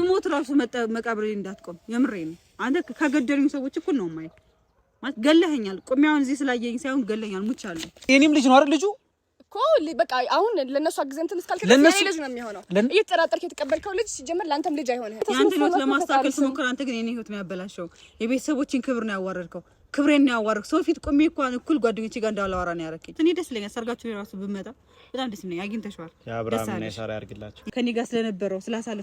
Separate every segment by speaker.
Speaker 1: ብሞት ራሱ መቃብሬ እንዳትቆም። የምሬ ነው። አንተ ከገደሉኝ ሰዎች እኩል ነው ማየት ማለት ገለኸኛል። ቁሚያውን እዚህ ስላየኝ ሳይሆን ገለኛል። አለ
Speaker 2: የኔም ልጅ ነው አይደል ልጁ
Speaker 1: እኮ በቃ አሁን ለነሱ አግዘህ እንትን እስካልከለለ ልጅ ነው የሚሆነው። እየተጠራጠርክ የተቀበልከው ልጅ ሲጀመር ለአንተም ልጅ አይሆንም። ያንተን ህይወት ለማስተካከል ስሞክር፣ አንተ ግን የኔ ህይወት ነው ያበላሸው። የቤተሰቦችን ክብር ነው ያዋረድከው። ክብሬን ያዋርክ ሰው ፊት ቆሜ እኮ እኩል ጓደኞቼ ጋር እንዳላወራ ነው ያደረከኝ። እኔ ደስ ይለኛል። ሰርጋችሁ የራሱ ብመጣ በጣም ደስ ይለኛል። አግኝተሽዋል።
Speaker 2: የአብርሃምና የሳራ ያድርግላችሁ።
Speaker 1: ከኔ ጋር ስለነበረው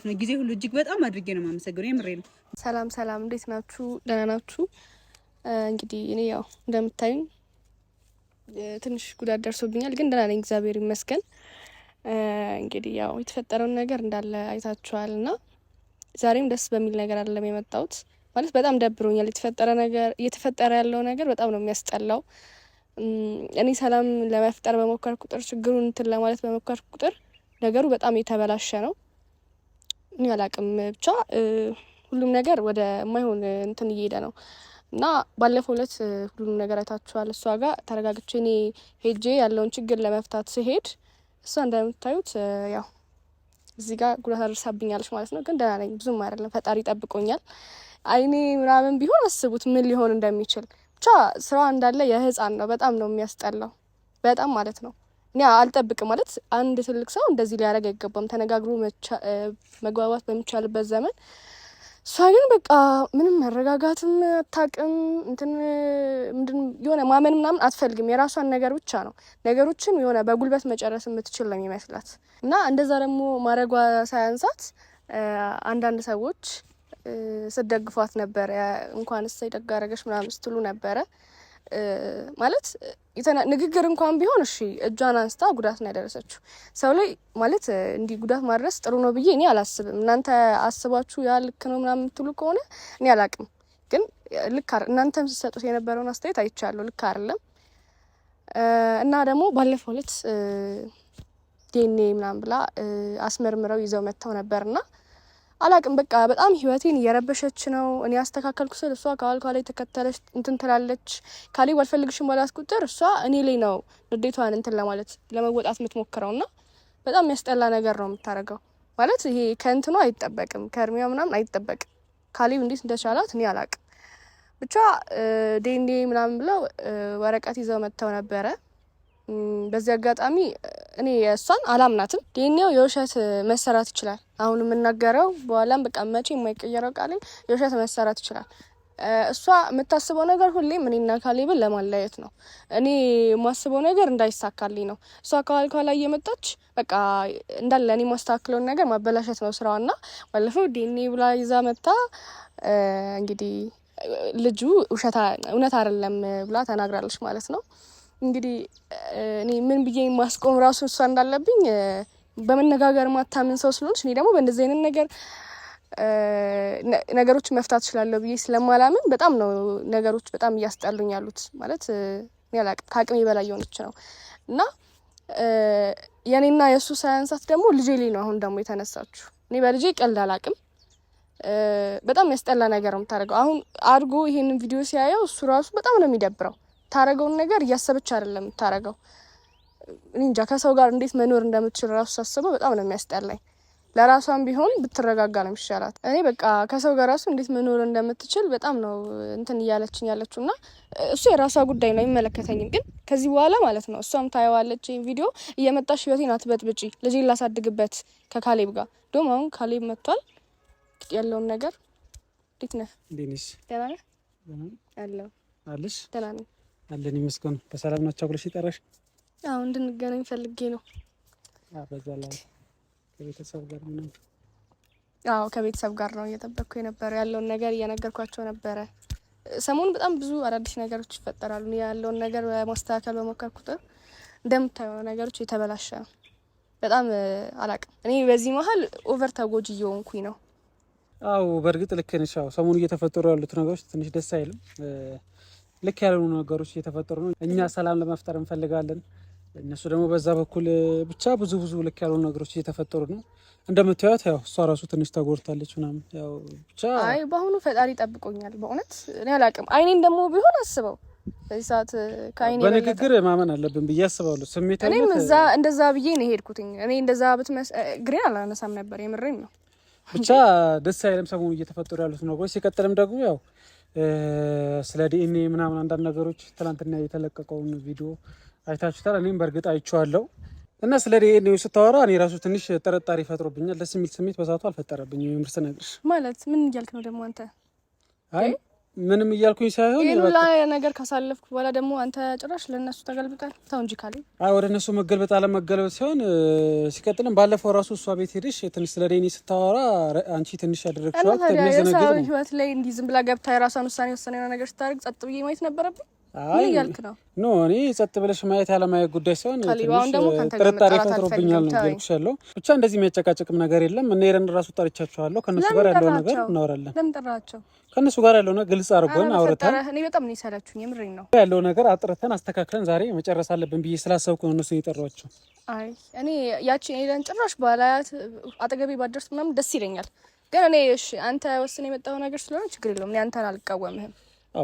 Speaker 1: ነው ጊዜ ሁሉ እጅግ በጣም አድርጌ ነው የማመሰግነው። የምሬ ነው።
Speaker 3: ሰላም ሰላም፣ እንዴት ናችሁ? ደህና ናችሁ? እንግዲህ እኔ ያው እንደምታዩኝ ትንሽ ጉዳት ደርሶብኛል፣ ግን ደህና ነኝ፣ እግዚአብሔር ይመስገን። እንግዲህ ያው የተፈጠረውን ነገር እንዳለ አይታችኋል እና ዛሬም ደስ በሚል ነገር አይደለም የመጣሁት ማለት በጣም ደብሮኛል። የተፈጠረ ነገር እየተፈጠረ ያለው ነገር በጣም ነው የሚያስጠላው። እኔ ሰላም ለመፍጠር በሞከር ቁጥር ችግሩን እንትን ለማለት በሞከር ቁጥር ነገሩ በጣም የተበላሸ ነው። እኔ አላቅም ብቻ ሁሉም ነገር ወደ ማይሆን እንትን እየሄደ ነው እና ባለፈው ዕለት ሁሉም ነገር አይታችኋል። እሷ ጋር ተረጋግቼ እኔ ሄጄ ያለውን ችግር ለመፍታት ስሄድ እሷ እንደምታዩት ያው እዚህ ጋር ጉዳት አደርሳብኛለች ማለት ነው። ግን ደህና ነኝ፣ ብዙም አይደለም። ፈጣሪ ጠብቆኛል። አይኔ ምናምን ቢሆን አስቡት ምን ሊሆን እንደሚችል። ብቻ ስራዋ እንዳለ የህፃን ነው። በጣም ነው የሚያስጠላው። በጣም ማለት ነው። እኔ አልጠብቅም ማለት አንድ ትልቅ ሰው እንደዚህ ሊያደርግ አይገባም። ተነጋግሮ መግባባት በሚቻልበት ዘመን እሷ ግን በቃ ምንም መረጋጋትም አታውቅም። እንትን ምንድን የሆነ ማመን ምናምን አትፈልግም። የራሷን ነገር ብቻ ነው ነገሮችን የሆነ በጉልበት መጨረስ የምትችል ነው የሚመስላት እና እንደዛ ደግሞ ማድረጓ ሳያንሳት አንዳንድ ሰዎች ስትደግፏት ነበረ። እንኳን እሰይ ደግ አደረገሽ ምናምን ስትሉ ነበረ። ማለት ንግግር እንኳን ቢሆን እሺ፣ እጇን አንስታ ጉዳት ነው ያደረሰችው ሰው ላይ። ማለት እንዲህ ጉዳት ማድረስ ጥሩ ነው ብዬ እኔ አላስብም። እናንተ አስባችሁ ያ ልክ ነው ምናምን የምትሉ ከሆነ እኔ አላቅም፣ ግን ልክ እናንተም ስትሰጡት የነበረውን አስተያየት አይቻለሁ። ልክ አይደለም እና ደግሞ ባለፈው ዕለት ዲኤንኤ ምናምን ብላ አስመርምረው ይዘው መጥተው ነበርና አላቅም በቃ በጣም ህይወቴን እየረበሸች ነው። እኔ ያስተካከልኩ ስል እሷ ከኋላ ላይ ተከተለች እንትን ትላለች። ካሌብ አልፈልግሽም ባላት ቁጥር እሷ እኔ ላይ ነው ንዴቷን እንትን ለማለት ለመወጣት የምትሞክረው እና በጣም የሚያስጠላ ነገር ነው የምታደርገው። ማለት ይሄ ከእንትኗ አይጠበቅም፣ ከእድሜዋ ምናምን አይጠበቅም። ካሌብ እንዴት እንደቻላት እኔ አላቅም። ብቻ ዴንዴ ምናምን ብለው ወረቀት ይዘው መጥተው ነበረ በዚህ አጋጣሚ እኔ እሷን አላምናትም። ዲኤንኤው የውሸት መሰራት ይችላል። አሁን የምናገረው በኋላም በቃ መቼ የማይቀየረው ቃልም የውሸት መሰራት ይችላል። እሷ የምታስበው ነገር ሁሌም እኔና ካሌብን ለማለያየት ነው። እኔ የማስበው ነገር እንዳይሳካልኝ ነው። እሷ ከኋላ ላይ እየመጣች በቃ እንዳለ እኔ የማስተካክለውን ነገር ማበላሸት ነው ና ባለፈው ዲኤንኤ ብላ ይዛ መታ እንግዲህ ልጁ ውሸት እውነት አይደለም ብላ ተናግራለች ማለት ነው። እንግዲህ እኔ ምን ብዬ ማስቆም ራሱ እሷ እንዳለብኝ በመነጋገር ማታምን ሰው ስለሆነች እኔ ደግሞ በእንደዚህ አይነት ነገር ነገሮችን መፍታት እችላለሁ ብዬ ስለማላምን በጣም ነው ነገሮች በጣም እያስጠሉኝ ያሉት። ማለት ከአቅሜ በላይ የሆነች ነው እና የእኔና የእሱ ሳያንሳት ደግሞ ልጄ ላይ ነው አሁን ደግሞ የተነሳችሁ። እኔ በልጄ ቀልድ አላቅም። በጣም ያስጠላ ነገር ነው የምታደርገው። አሁን አድጎ ይሄንን ቪዲዮ ሲያየው እሱ ራሱ በጣም ነው የሚደብረው። የምታረገውን ነገር እያሰበች አይደለም የምታረገው። እንጃ ከሰው ጋር እንዴት መኖር እንደምትችል ራሱ ሳስበው በጣም ነው የሚያስጠላኝ። ለራሷም ቢሆን ብትረጋጋ ነው የሚሻላት። እኔ በቃ ከሰው ጋር ራሱ እንዴት መኖር እንደምትችል በጣም ነው እንትን እያለችኝ ያለችው እና እሱ የራሷ ጉዳይ ነው አይመለከተኝም። ግን ከዚህ በኋላ ማለት ነው እሷም ታየዋለች ቪዲዮ እየመጣሽ ህይወቴን አትበጥብጪ፣ ልጄን ላሳድግበት ከካሌብ ጋር ዶም። አሁን ካሌብ መጥቷል ያለውን ነገር እንዴት ነህ? ደህና ነህ? አለሁ አለሽ? ደህና ነኝ
Speaker 2: አለን ይመስገን። በሰላም ናቸው ብለሽ ይጠራሽ?
Speaker 3: አዎ እንድንገናኝ ፈልጌ ነው።
Speaker 2: በዛላ ከቤተሰብ ጋር ነው?
Speaker 3: አዎ ከቤተሰብ ጋር ነው እየጠበቅኩ የነበረው። ያለውን ነገር እየነገርኳቸው ነበረ። ሰሞኑን በጣም ብዙ አዳዲስ ነገሮች ይፈጠራሉ። ያለውን ነገር በማስተካከል በሞከር ቁጥር እንደምታየው ነገሮች የተበላሸ ነው። በጣም አላቅም። እኔ በዚህ መሀል ኦቨር ተጎጂ እየሆንኩኝ ነው።
Speaker 2: አዎ በእርግጥ ልክ ነሽ። ሰሞኑ እየተፈጠሩ ያሉት ነገሮች ትንሽ ደስ አይልም። ልክ ያልሆኑ ነገሮች እየተፈጠሩ ነው። እኛ ሰላም ለመፍጠር እንፈልጋለን፣ እነሱ ደግሞ በዛ በኩል ብቻ ብዙ ብዙ ልክ ያልሆኑ ነገሮች እየተፈጠሩ ነው። እንደምታዩት ያው እሷ ራሱ ትንሽ ተጎድታለች ምናምን ያው ብቻ።
Speaker 3: አይ በአሁኑ ፈጣሪ ጠብቆኛል በእውነት እኔ አላቅም። አይኔን ደግሞ ቢሆን አስበው በዚህ ሰዓት ከአይኔ
Speaker 2: በንግግር ማመን አለብን ብዬ አስባለሁ።
Speaker 3: ስሜት እኔም እዛ እንደዛ ብዬ ነው የሄድኩትኝ። እኔ እንደዛ ብትመስ ግሬን አላነሳም ነበር የምሬም ነው
Speaker 2: ብቻ ደስ አይልም ሰሞኑ እየተፈጠሩ ያሉት ነገሮች። ሲቀጥልም ደግሞ ያው ስለ ዲኤንኤ ምናምን አንዳንድ ነገሮች ትናንትና የተለቀቀውን ቪዲዮ አይታችሁታል። እኔም በእርግጥ አይቼዋለሁ እና ስለ ዲኤንኤ ስታወራ እኔ ራሱ ትንሽ ጥርጣሬ ፈጥሮብኛል። ደስ የሚል ስሜት በሰዓቱ አልፈጠረብኝም። ምርስ ስነግርሽ
Speaker 3: ማለት ምን እያልክ ነው ደግሞ አንተ?
Speaker 2: አይ ምንም እያልኩኝ ሳይሆን
Speaker 3: ይሄን ሁላ ነገር ካሳለፍኩ በኋላ ደግሞ አንተ ጭራሽ ለእነሱ ተገልብጣል። ተው እንጂ ካለኝ
Speaker 2: አይ ወደ እነሱ መገልበጥ አለመገልበጥ ሲሆን ሲቀጥልም ባለፈው ራሱ እሷ ቤት ሄድሽ ትንሽ ስለ እኔ ስታወራ አንቺ ትንሽ
Speaker 3: ያደረግሽዋት የሚያዘነግጥ ህይወት ላይ እንዲህ ዝም ብላ ገብታ የራሷን ውሳኔ ወሰነ ነገር ስታደርግ ጸጥ ብዬ ማየት ነበረብኝ። ምን እያልክ ነው?
Speaker 2: ኖ እኔ ጸጥ ብለሽ ማየት ያለማየት ጉዳይ ሲሆን ጥርጣሬ ፈጥሮብኛል ነው እያልኩሽ ያለው። ብቻ እንደዚህ የሚያጨቃጭቅም ነገር የለም። እነ ሄረን ራሱ ጠርቻቸዋለሁ። ከእነሱ ጋር ያለው ነገር እናወራለን።
Speaker 3: ለምን ጠራቸው?
Speaker 2: ከእነሱ ጋር ያለው ነገር ግልጽ
Speaker 3: አድርጎን አውርተን እኔ በጣም ነው የሰላችሁኝ። የምሬን ነው
Speaker 2: ያለው ነገር አጥርተን አስተካክለን ዛሬ መጨረስ አለብን ብዬ ስላሰብኩ ነው እነሱ የጠሯቸው።
Speaker 3: አይ እኔ ያቺ ኤደን ጭራሽ ባላያት አጠገቤ ባደርስ ምናምን ደስ ይለኛል። ግን እኔ እሺ አንተ ወስን የመጣው ነገር ስለሆነ ችግር የለውም። እኔ አንተን አልቃወምህም።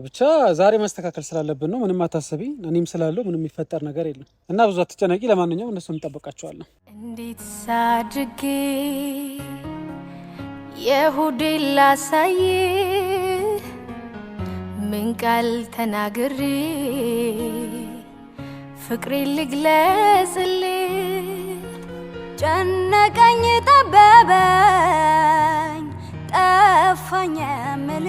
Speaker 2: ብቻ ዛሬ መስተካከል ስላለብን ነው። ምንም አታስቢ። እኔም ስላለው ምንም የሚፈጠር ነገር የለም እና ብዙ አትጨነቂ። ለማንኛውም እነሱ እንጠብቃቸዋለን።
Speaker 4: እንዴት ሳድርጌ የሁዴ ላሳይ ምን ቃል ተናግሬ ፍቅሬ ልግለጽል ጨነቀኝ ጠበበኝ ጠፋኝ ምል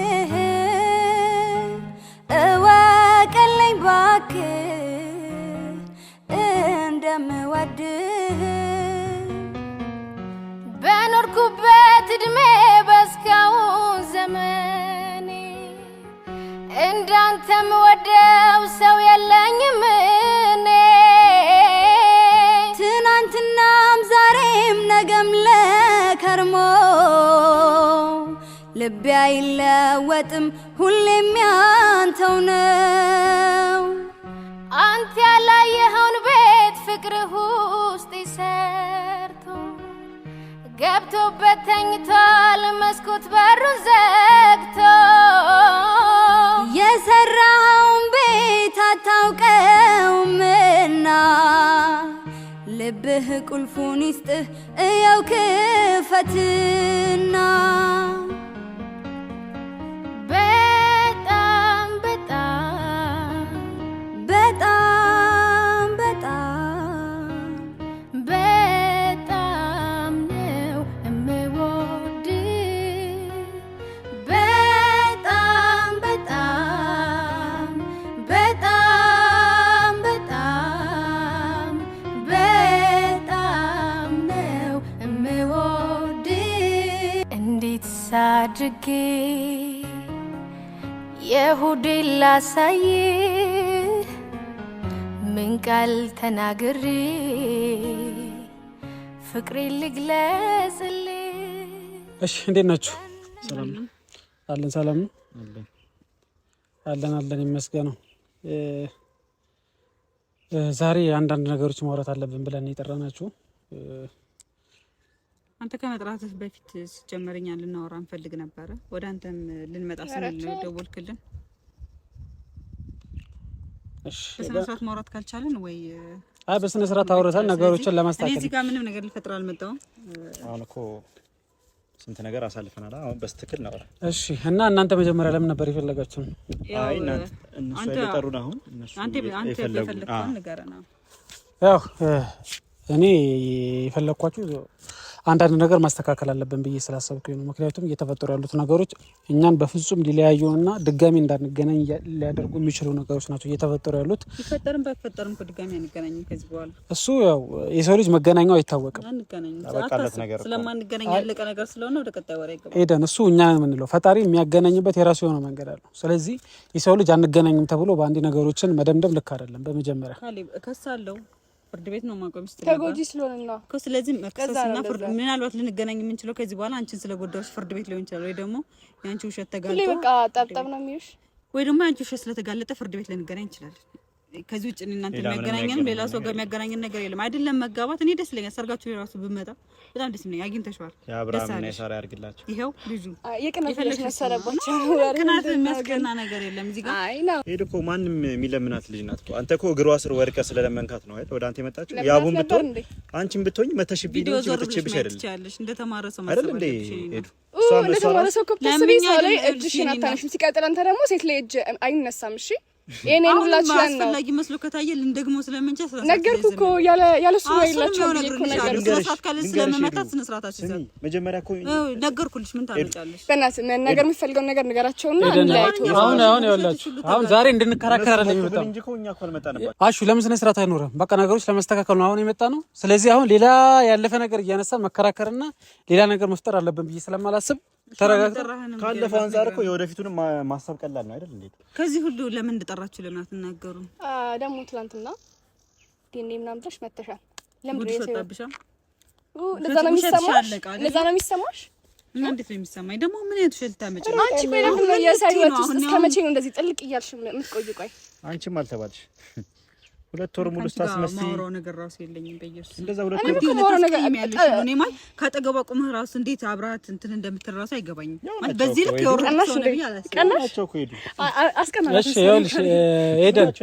Speaker 4: አይለወጥም ሁሌም ያንተው ነው። አንተ ያላየኸውን ቤት ፍቅር ውስጥ ይሰርቶ ገብቶበት ተኝቷል መስኮት በሩን ዘግቶ የሰራኸውን ቤት አታውቀውምና ልብህ ቁልፉን ይስጥህ እየው ክፈትና የሁዴ ላሳይ ምን ቃል ተናግሬ ፍቅሬ ልግለጽል። እሺ እንዴት ናችሁ? ሰላም ነው አለን። ሰላም ነው አለን አለን። ይመስገነው። ዛሬ አንዳንድ ነገሮች ማውራት አለብን ብለን የጠራናችሁ አንተ ከመጥራትህ በፊት ሲጀመረኛ ልናወራ እንፈልግ ነበረ። ወደ አንተም ልንመጣ ስንል ደወልክልን። በስነ ስርዓት ማውራት ካልቻለን ወይ አይ በስነ ስርዓት አውርተን ነገሮችን ለማስተካከል እዚህ ጋር ምንም ነገር ልፈጥር አልመጣሁም። አሁን እኮ ስንት ነገር አሳልፈናል። አሁን በስትክል ነው። እሺ እና እናንተ መጀመሪያ ለምን ነበር የፈለጋችሁ? አይ እናንተ እነሱ የጠሩን አሁን እነሱ አንተ አንተ የፈለግከው ነው። ያው እኔ የፈለግኳችሁ አንዳንድ ነገር ማስተካከል አለብን ብዬ ስላሰብኩኝ ነው። ምክንያቱም እየተፈጠሩ ያሉት ነገሮች እኛን በፍጹም ሊለያዩና ድጋሚ እንዳንገናኝ ሊያደርጉ የሚችሉ ነገሮች ናቸው እየተፈጠሩ ያሉት። ይፈጠርም ባይፈጠርም ድጋሚ አንገናኝም ከዚህ በኋላ። እሱ ያው የሰው ልጅ መገናኛው አይታወቅም። ስለማንገናኝ ያለቀ ነገር ስለሆነ ወደ ቀጣይ ወሬ እሱ እኛ የምንለው ፈጣሪ የሚያገናኝበት የራሱ የሆነ መንገድ አለው። ስለዚህ የሰው ልጅ አንገናኝም ተብሎ በአንድ ነገሮችን መደምደም ልክ አይደለም። በመጀመሪያ ፍርድ ቤት ነው ማቆም ስትል ተጎጂ ስለሆነና እኮ ስለዚህ መክሰስና ፍርድ ምናልባት ልንገናኝ የምንችለው ከዚህ በኋላ አንቺን ስለጎዳሽ ፍርድ ቤት ሊሆን ይችላል፣ ወይ ደግሞ የአንቺ ውሸት ተጋልጦ በቃ ጠብጠብ ነው የሚሉሽ፣ ወይ ደግሞ የአንቺ ውሸት ስለተጋለጠ ፍርድ ቤት ልንገናኝ እንችላለን። ከዚህ ውጭ እናንተ የሚያገናኘን ሌላ ሰው ጋር የሚያገናኘን ነገር የለም። አይደለም መጋባት እኔ ደስ ይለኛል። ሰርጋችሁ የራሱ ብመጣ በጣም ደስ ይለኛል። አግኝተሽዋል። ይኸው ልጁ ቅናት የሚያስቀና ነገር የለም። እዚህ ጋር ሄድ እኮ ማንም የሚለምናት ልጅ ናት። አንተ እኮ እግሯ ስር ወድቀህ ስለለመንካት ነው አይደል ወደ አንተ የመጣችው። ያቡን ብትሆን አንቺን ብትሆኝ መተሽብኝ ነው እንጂ መጥቼብሽ አይደለም እንደተማረ ሰው አይደል እንዴ ሄዱ እንደተማረ ሰው እኮ ብትስቢ ላይ እጅሽን አታነሽም። ሲቀጥል አንተ ደግሞ ሴት ላይ እጅ አይነሳም። እሺ የኔን ሁላችሁ ያን ነው አስፈላጊ መስሎ ከታየ ልንደግሞ ስለምንቻ ነገርኩ እኮ ያለ ያለ እሱ ነው ያላችሁ እኮ ነገርኩልሽ። ምን ታመጫለሽ? በእናትህ መናገር የምትፈልገውን ነገር ንገራቸውና እንዳይቶ አሁን አሁን ያላችሁ አሁን ዛሬ እንድንከራከር አይደለም የመጣ ነው። አሹ ለምን ስነ ስርዓት አይኖርም? በቃ ነገሮች ለመስተካከል ነው አሁን የመጣ ነው። ስለዚህ አሁን ሌላ ያለፈ ነገር እያነሳን መከራከርና ሌላ ነገር መፍጠር አለብን ብዬ ስለማላስብ ካለፈው አንጻር እኮ የወደፊቱን ማሰብ ቀላል ነው አይደል? እንዴት ከዚህ ሁሉ ለምን እንደጠራችሁ ለምን አትናገሩ? ደግሞ ትላንትና ዲኔ ምናምን ብለሽ መተሻል። ለምን ነው የሚሰማሽ? ለዛ ነው የሚሰማሽ። እና እንዴት ነው የሚሰማኝ ደግሞ? ምን አይነት ሽልታ መጪ አንቺ ቆይ፣ ለምን ነው የሳይወት እስከ መቼ ነው እንደዚህ ጥልቅ እያልሽ የምትቆይ? ቆይ አንቺም አልተባልሽ ሁለት ወር ሙሉ ስታስመስይ ማውራው ነገር ራሱ የለኝም። በኢየሱስ እንደዛ ሁለት ወር ሙሉ ካጠገቧ ቁመህ ራሱ እንዴት አብራት እንትን እንደምትራሱ አይገባኝም። ማለት በዚህ ልክ ኮይዱ እሺ የወረቀላሽ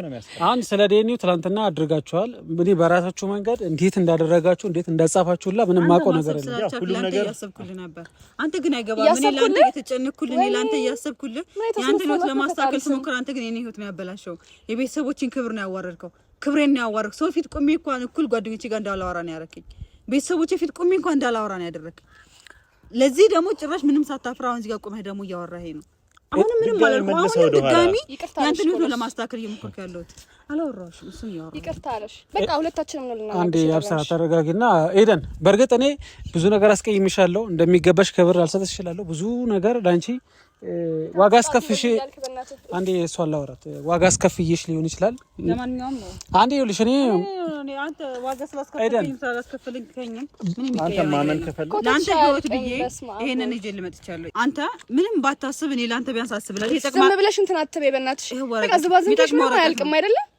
Speaker 4: ነብይ አሁን ስለ ዴኒው ትላንትና አድርጋችኋል። እኔ በራሳችሁ መንገድ እንዴት እንዳደረጋችሁ እንዴት እንዳጻፋችሁላ ምንም ማቆ ነገር የለም። ሁሉ ነገር እያሰብኩልህ ነበር። አንተ ግን አይገባም። እኔ ለአንተ እየተጨነኩልህ፣ እኔ ለአንተ እያሰብኩልህ፣ የአንተን ህይወት ለማስተካከል ስሞክር፣ አንተ ግን የኔ ህይወት ነው ያበላሸው። የቤተሰቦችን ክብር ነው ያዋረድከው። ክብሬን ያዋርክ ሰው ፊት ቁሜ እንኳን እኩል ጓደኞቼ ጋር እንዳላወራ ነው ያደረከኝ። ቤተሰቦቼ ፊት ቁሜ እንኳን እንዳላወራ ነው ያደረክ። ለዚህ ደግሞ ጭራሽ ምንም ሳታፍራ አሁን እዚህ ጋር ቁመህ ደግሞ እያወራህ ነው። አሁንም ምንም ማለት ነው። አሁንም ድጋሚ ያንተን ሁሉ ለማስተካከል እየሞከርኩ ያለሁት። አላወራሁሽም፣ እሱን እያወራሁ ይቅርታ አለሽ። በቃ ሁለታችንም ነው ልናወራ። አንዴ አብስራ ተረጋጊና ኤደን። በእርግጥ እኔ ብዙ ነገር አስቀይምሻለሁ። እንደሚገባሽ ክብር አልሰጥሽ እችላለሁ። ብዙ ነገር ላንቺ ዋጋ አስከፍሽ አንዴ እሷን ላውራት። ዋጋ አስከፍዬሽ ሊሆን ይችላል። ለማንኛውም አንዴ ይኸውልሽ እኔ አንተ ዋጋ ስላስከፈልኝ ስላላስከፈልከኝም አንተ ማመን ከፈለክ ለአንተ ህይወት ብዬ ይሄንን ይዤ ልመጥቻለሁ። አንተ ምንም ባታስብ እኔ ለአንተ ቢያንስ አስብላለሁ። ዝም ብለሽ እንትን አትበይ በእናትሽ። በቃ ዝባዝንሽ ምንም አያልቅም አይደለም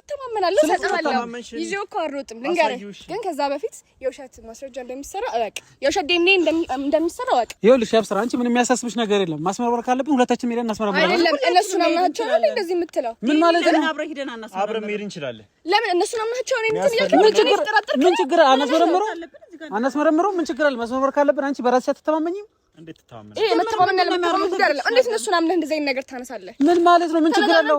Speaker 4: እተማመናለሁ። ሰጥሃለሁ። ይዤው እኮ አልሮጥም። ልንገርህ ግን ከዛ በፊት የውሸት ማስረጃ እንደሚሰራ እወቅ። የውሸት ዴኔ እንደሚሰራ እወቅ። ይኸውልሽ ያብስራ፣ አንቺ ምንም የሚያሳስብሽ ነገር የለም። ማስመርመር ካለብን ሁለታችን ሄደን እናስመረምራለን። አይደለም እነሱ ነው ናቸው እንደዚህ የምትለው ምን ማለት ነው? አብረን ሄደን እናስመረምራለን። አብረን መሄድ እንችላለን። ለምን እነሱ ነው ናቸው? እኔ እንትን እያልክ ምን ችግር አናስመረምረው? ምን ችግር አለ? ማስመርመር ካለብን አንቺ በራስሽ አትተማመኝም? እንዴት ታመነ? ይሄ መተማመን ያለመተማመን ጉዳይ አይደለም። ምን ማለት ነው? ምን ችግር አለው?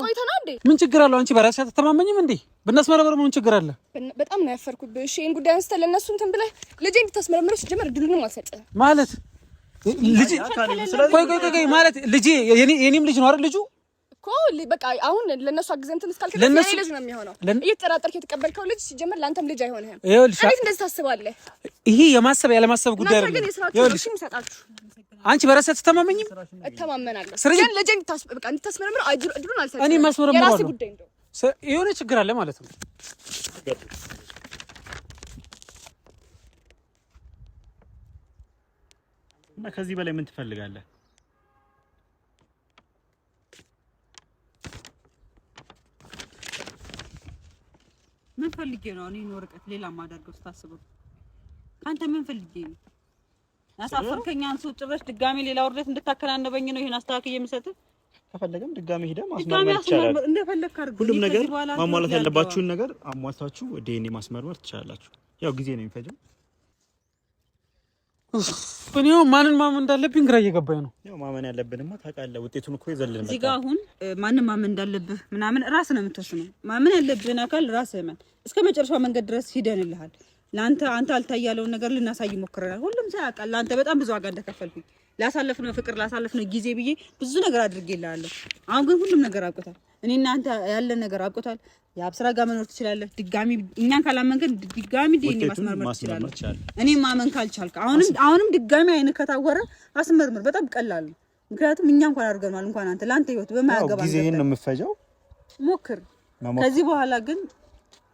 Speaker 4: ምን ችግር አለው? አንቺ በራስሽ አትተማመኝም እንዴ? ብናስመረምር ምን ችግር አለ? በጣም ነው ያፈርኩት። እሺ፣ ይሄን ጉዳይ አንስተህ ለእነሱ እንትን ብለህ ልጄ እንድታስመረምር ጀመር እድሉንም አልሰጠህም ማለት ልጄ ቆይ ቆይ ቆይ ማለት ልጄ የኔም ልጅ ነው አይደል ልጁ እኮ በቃ አሁን ለነሱ አግዘን እንትን እስካልከኝ ልጅ ነው የሚሆነው። እየተጠራጠርክ የተቀበልከው ልጅ ሲጀመር ለአንተም ልጅ አይሆንህም። ይኸውልሽ፣ እንደዚህ ታስባለህ። ይሄ የማሰብ ያለማሰብ ጉዳይ አይደለም። ይኸውልሽ አንቺ በራሴ አትተማመኝም? እተማመናለሁ። ግን ጉዳይ የሆነ ችግር አለ ማለት ነው። እና ከዚህ በላይ ምን ትፈልጋለህ? ምን ፈልጌ ነው እኔ ወረቀት ሌላ ማደርገው ስታስበው ከአንተ ምን ፈልጌ ነው አሳፈርከኝ። አንሱ ውጭ ብለሽ ድጋሜ ሌላ ውርደት እንድታከናነበኝ ነው ይሄን አስተካክዬ የምሰጥ። ከፈለገም ድጋሜ ሄደ ማስመርመር ይቻላል። ሁሉም ነገር ማሟላት ያለባችሁን ነገር አሟልታችሁ ዲኤንኤ ማስመርመር ትችላላችሁ። ያው ጊዜ ነው የሚፈጀው። እኔው ማንን ማመን እንዳለብኝ ግራ እየገባኝ ነው። ያው ማመን ያለብንማ ታውቃለህ፣ ውጤቱን እኮ ይዘልን እዚህ ጋር አሁን ማንን ማመን እንዳለብህ ምናምን ራስ ነው የምትወስነው። ማመን ያለብህን አካል ራስህ እመን። እስከ መጨረሻው መንገድ ድረስ ሂደንልሃል። ለአንተ አንተ አልታያለውን ነገር ልናሳይ ሞክረናል። ሁሉም ሰው ያውቃል ለአንተ በጣም ብዙ ዋጋ እንደከፈልኩኝ ላሳለፍነው ፍቅር ላሳለፍነው ጊዜ ብዬ ብዙ ነገር አድርጌልሃለሁ። አሁን ግን ሁሉም ነገር አብቆታል። እኔ እናንተ ያለን ነገር አብቆታል። የአብስራ ጋር መኖር ትችላለህ። ድጋሚ እኛን ካላመን ግን ድጋሚ ዲኤንኤ ማስመርመር ትችላለህ። እኔ ማመን ካልቻልክ አሁንም አሁንም ድጋሚ አይን ከታወረ አስመርምር። በጣም ቀላል ነው። ምክንያቱም እኛ እንኳን አድርገናል። እንኳን አንተ ለአንተ ህይወት በማያገባ ጊዜ ነው የምፈጀው። ሞክር ከዚህ በኋላ ግን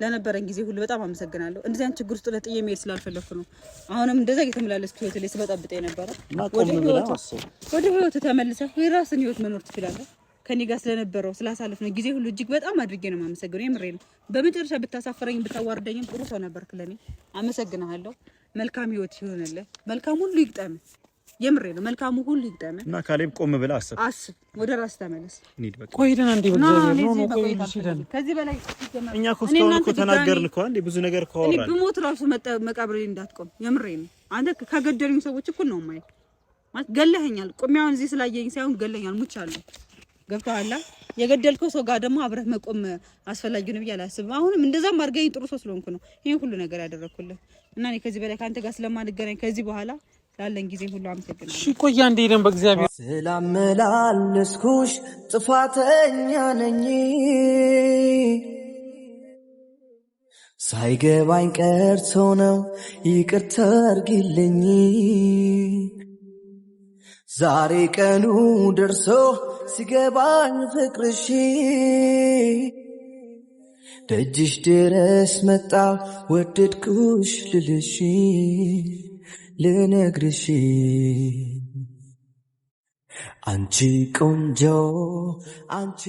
Speaker 4: ለነበረን ጊዜ ሁሉ በጣም አመሰግናለሁ። እንደዚህ አይነት ችግር ውስጥ ለጥዬ መሄድ ስላልፈለኩ ነው። አሁንም እንደዛ እየተመላለስኩ ህይወት ላይ ስበጣብጠ የነበረ ወደ ህይወት ተመልሰ የራስን ህይወት መኖር ትችላለህ። ከኔ ጋር ስለነበረው ስላሳለፍ ነው ጊዜ ሁሉ እጅግ በጣም አድርጌ ነው የማመሰግነው። የምሬ ነው። በመጨረሻ ብታሳፈረኝ ብታዋርደኝም ጥሩ ሰው ነበርክ ለኔ። አመሰግናለሁ። መልካም ህይወት ይሆንልህ። መልካም ሁሉ ይግጠም። የምሬ ነው። መልካሙ ሁሉ ይግጠመ እና ካሌብ ቆም ብለህ አስብ አስብ፣ ወደ ራስ ተመለስ። በቃ ነው በላይ እኛ እኮ እስካሁን እኮ ተናገርን እኮ አንዴ ብዙ ነገር እኮ አወራን። ብሞት ራሱ መቃብሬ እንዳትቆም የምሬ ነው። አንተ ከገደሉኝ ሰዎች እኩል ነው የማየው ማለት ገለኸኛል። ቆሜ አሁን እዚህ ስላየኝ ሳይሆን ገለኸኛል፣ ሙቻለሁ። ገብቶሃል? የገደልከው ሰው ጋር ደግሞ አብረህ መቆም አስፈላጊ ነው ብዬ አላስብም። አሁንም እንደዛም አድርገኝ ጥሩ ሰው ስለሆንኩ ነው ይህን ሁሉ ነገር ያደረግኩልህ እና እኔ ከዚህ በላይ ከአንተ ጋር ስለማንገናኝ ከዚህ በኋላ ላለን ጊዜ ሁሉ አመሰግናለሁ። እሺ ቆይ አንዴ በእግዚአብሔር ስላመላለስኩሽ ጥፋተኛ ነኝ ሳይገባኝ ቀርቶ ነው ይቅርተርግልኝ ዛሬ ቀኑ ደርሶ ሲገባኝ ፍቅርሽ ደጅሽ ድረስ መጣ ወደድኩሽ ልልሽ ልነግርሽ አንቺ ቆንጆ አንቺ